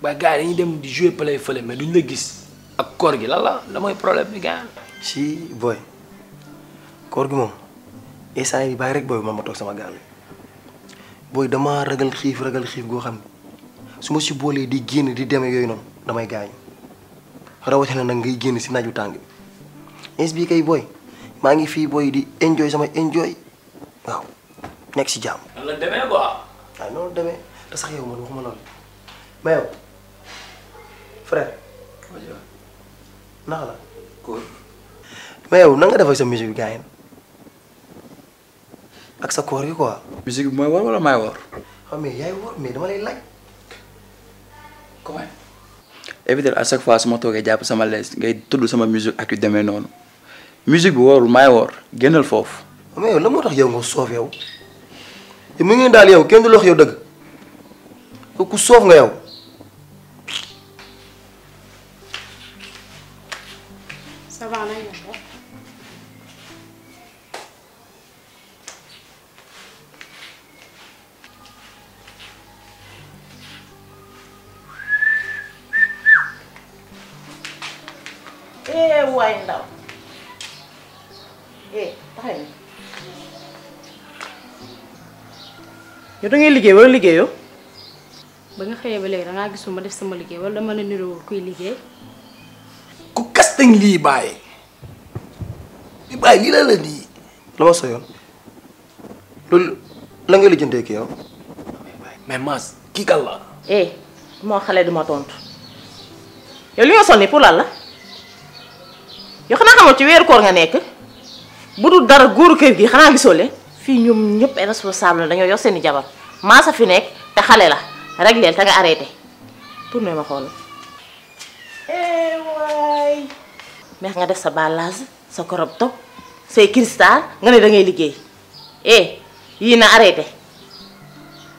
ba ini dañuy dem di jouer play feulé mais duñ la gis ak koor gi la la la moy problème bi gaay si boy koor gi mom essay bi bay rek boy mama ma sama gaal boy dama ragal xif ragal xif go xam suma ci si di génn di demee yoy non damay gaay rawati na ngay génn ci naju tang bi bi kay boy ma ngi fi boy di enjoy sama enjoy waaw next jam. jam la démé quoi. waaw non démé da sax yow man waxuma non mais frère. la. góor. mais yow nan nga ak sa koor gi quoi. musique bi mooy war wala maay yaay war mais dama lay laaj. comment. éviter à chaque fois su ma toogee jàpp sama les ngay tudd sama musique ak yu demee noonu musique bi warul maay wor génnal foofu. mais la moo tax yow nga soof yow. mu ngi daal yow kenn du lox yow dëgg ku soof nga yow. waay ndaw eh yow da ngay liggéey wala liggéeyoo. ba nga xëyee ba léegi da ngaa gisul ma def sama liggéey wala dama la niroo kuy liggéey. ku kastañ lii bàyyi li bàyyi lii la la di. la ma sooyoon loolu la ngay lijjantee ki yow. mais Mass kii kan la. moo xale du tontu yow li nga sol nii pour lan la. yoo xanaa xamoo ci weeru koor nga nekk bu dul dara góoru kër gi xanaa gisoo leen fii ñoom ñëpp ay responsable la dañoo yor seen i jabar maa sa fi nekk te xale la rek leen te nga pour tourné ma xool. Eh, waay. meex nga def sa balage sa korob top say cristal nga ne da liggéey eh yii na arrêté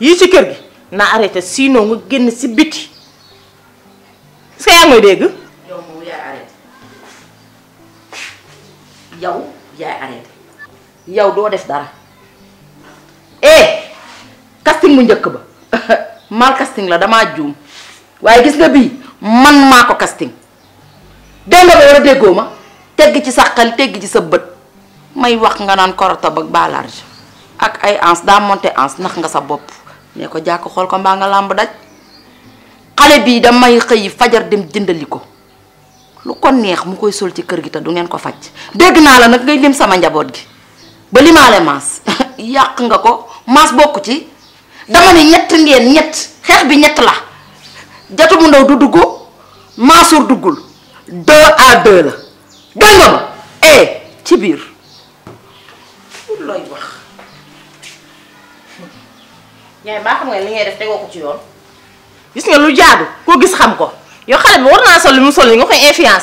yii ci kër gi na arrêté sinon nga génn si biti est-ce que yaa dégg. yow yaay arrêté yow do def dara eh casting mu njëkk ba mal casting la dama joom waye gis nga bi man mako casting dégg nga wara war ma tegg ci saxal xel tegg ci sa bët may wax nga naan korotab ba balarge ak ay ans da monté ans nax nga sa bop ne ko jàkk xol ko ba nga lamb daj bi bii may xey fajar dem jëndaliko lu ko neex mu koy sol ci kër gi ta du ngeen ko fajj deg na la nak ngay lim sama njabot gi ba limale mas yak nga ko maas bokku ci dama ni ñett ngeen ñett xex bi ñett la jatu mu ndaw du duggu maasur duggul deux a deux la deg nga ma eh ci bir loy wax ñay baa xam nga li ngay def tegoo ko ci yoon gis nga lu jaadu ko gis xam ko Yo, xalé bi warna sol li mu sol ni nga koy influencer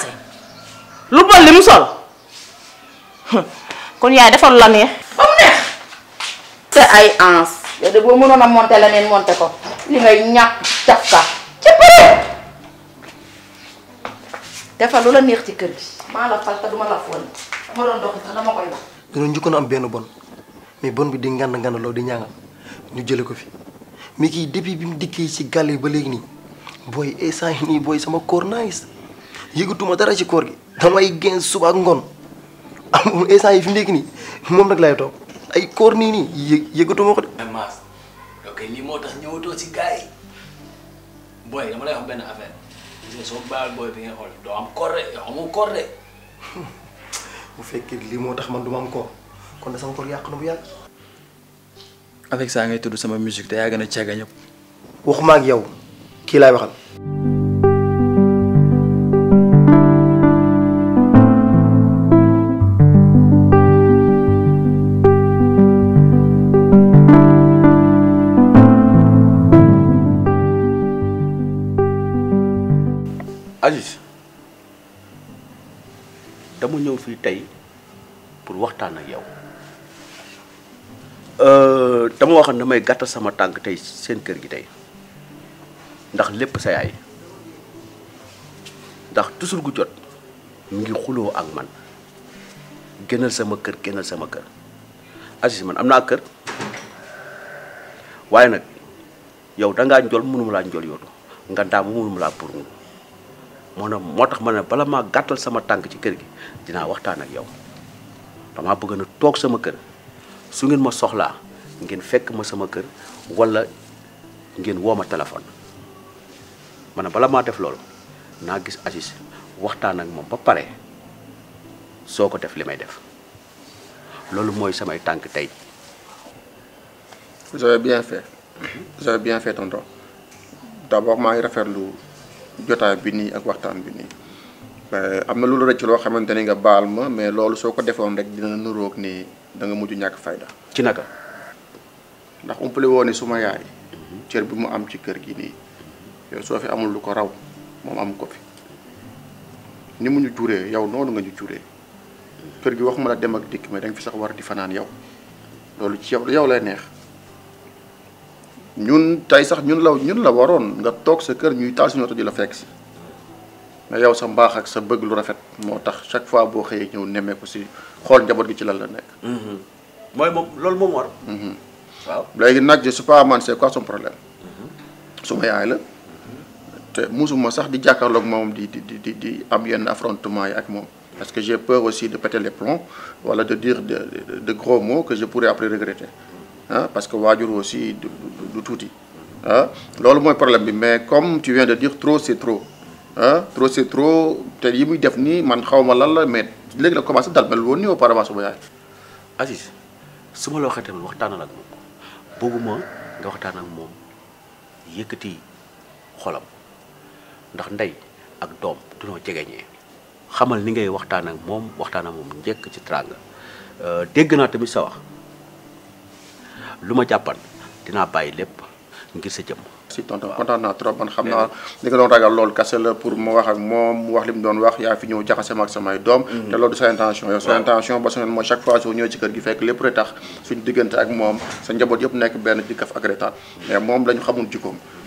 lu bol li mu sol kon yaay defal la neex bam mu neex te ay ans yo de bo mënoon a monté leneen monté ko li ngay ñak cafka ci bari defal lu la neex ci kër gi la fal ta duma la fon mo dox sax dama koy wax na am benn bon mais bon bi di ngand ngand lo di ñaangal ñu jël ko fi mi ki depuis bi mu ci galé ba légui ni booy instant eh, yi nii booy sama koor nice yëgatuma dara ci koor gi damay génn suba ak ngoon am eh, instant fi mu nekk nii moom toog ay koor nii nii yëgatuma ko de. moo tax ñëwatoo ci gars yi booy dama lay wax xool doo am koor de bu fekkee lii moo tax man du ma am koor kon da sama koor yàq na bu yàgg. avec ça ngay tudd sama musique te yaa gën a caaga ñëpp. waxuma ak yow. kii laay waxal. Aziz dama ñëw fii tey pour waxtaan ak yow euh, dama waxoon damay gàttal sama tànk tey seen kër gi tey. ndax lepp sa yaay ndax tusul gu jot mi ngi xulo ak man gënal sama kër gënal sama kër Aziz man amna kër waye nak yow da nga njol mënuma laa njol yootu nga mu mënuma laa pour na motax bala ma gattal sama tank ci kër gi dina waxtaan ak yow dama bëgg na tok sama kër su ngeen ma soxla ngeen fekk ma sama kër wala ngeen woo ma téléphone man bala ma def loolu na gis assis waxtaan ak mom ba pare soko def limay def loolu moy samay tank tay vous avez bien fait vous avez bien fait tonton d' abord maa ngi rafetlu jotaay bi ni ak waxtaan bi ni euh, am na loolu rëcc loo nga bal ma mais soko defone rek dina nuroog ni da nga muju ñak fayda. ci naka. ndax suma yaay. Mhm. cër bi mu am ci kër gi ni yow ya, so fi amul lu ko raw mom am ko fi ni mu ñu juree yow ya, nonu nga ñu juré kër gi waxuma la dem ak dik mais da fi sax war di mhm. fanan yow loolu ci yow yow lay neex ñun tay sax ñun la ñun la waron nga tok sa kër ñuy tal suñu auto di la fex mais yow sa mbax ak sa bëgg lu rafet motax chaque fois boo xëyee némé ko ci xol njaboot gi ci lan la hmm moy mom loolu mom war. waaw légui nak je sais pas man c'est quoi son problème. hmm suma yaay la. te musuma sax di jàkkaarloog mom di di di di am yenn affrontement ak mom parce que j'ai peur aussi de péter les plombs voilà, de dire de de gros mots que je pourrais après regretter hein? parce que wajur aussi du touti hein ah moy problème bi mais comme tu viens de dire trop c'est trop hein trop c'est trop te yi def ni man xawma lan la mais léegi la commencé dal mel woon nii auparavant suma yaay. Aziz su ma la waxee tamit waxtaanal ak nga waxtaan ak mom yëkkati xolam. ndax nday ak dom duno jegeñee xamal ni ngay waxtaan ak mom waxtaan ak mom jék ci tranga euh, dégg na tamit sa wax lu ma dina bayyi lepp ngir sa jëm si tonto content na trop man xamna ni nga don ragal lol kasse la pour mo wax ak mom wax lim don wax ya fi ñew jaxase mak ak samay doom mm-hmm. te lolu sa intention yow sa intention ba sonen mo chaque fois so ñew ci kër gi fekk lepp rek tax suñu diggante ak mom sa njabot yëpp nekk ben di kaf ak retaan mais mom lañu xamul ci kom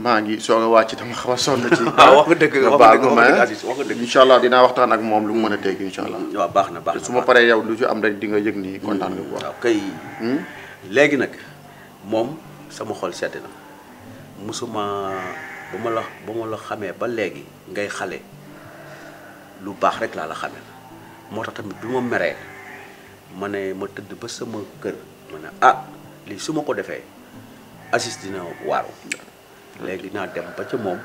Mangi so soog a wàcc dama xaw sonn ci. waaw wax nga dëgg wax nga dëgg nga allah dinaa waxtaan ak moom lu mu mën a teg incha allah. waaw baax na baax na su ma paree yow lu ci am rek di nga yëg ni kontaan nga bu baax. waaw kay léegi nag moom sama xol sedd musuma ba ma la ba ma la xamee ba léegi ngay xale lu baax rek laa la xamee moo tax tamit bi ma meree ma ne ma tëdd ba sama kër ma ne ah lii su ko defee Aziz dina waaru. léegi naa dem ba ca moom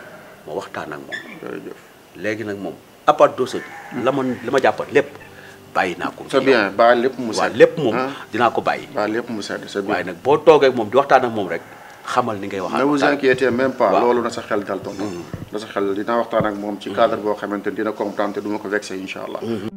ma waxtaan ak moom. léegi nag moom à part dossier bi. la ma la ma jàppoon lépp bàyyi naa ko. c'est bien ba lépp mu sedd waaw lépp moom ah. dinaa ko bàyyi. ba lépp mu sedd c'est bien waaye nag boo toogee moom di waxtaan ak moom rek. xamal ni ngay wax. ne vous inquiétez même pas loolu na sa mm-hmm. moom ci mm-hmm. cadre boo xamante ni dina comprendre te du ma ko vexé incha allah. Mm-hmm.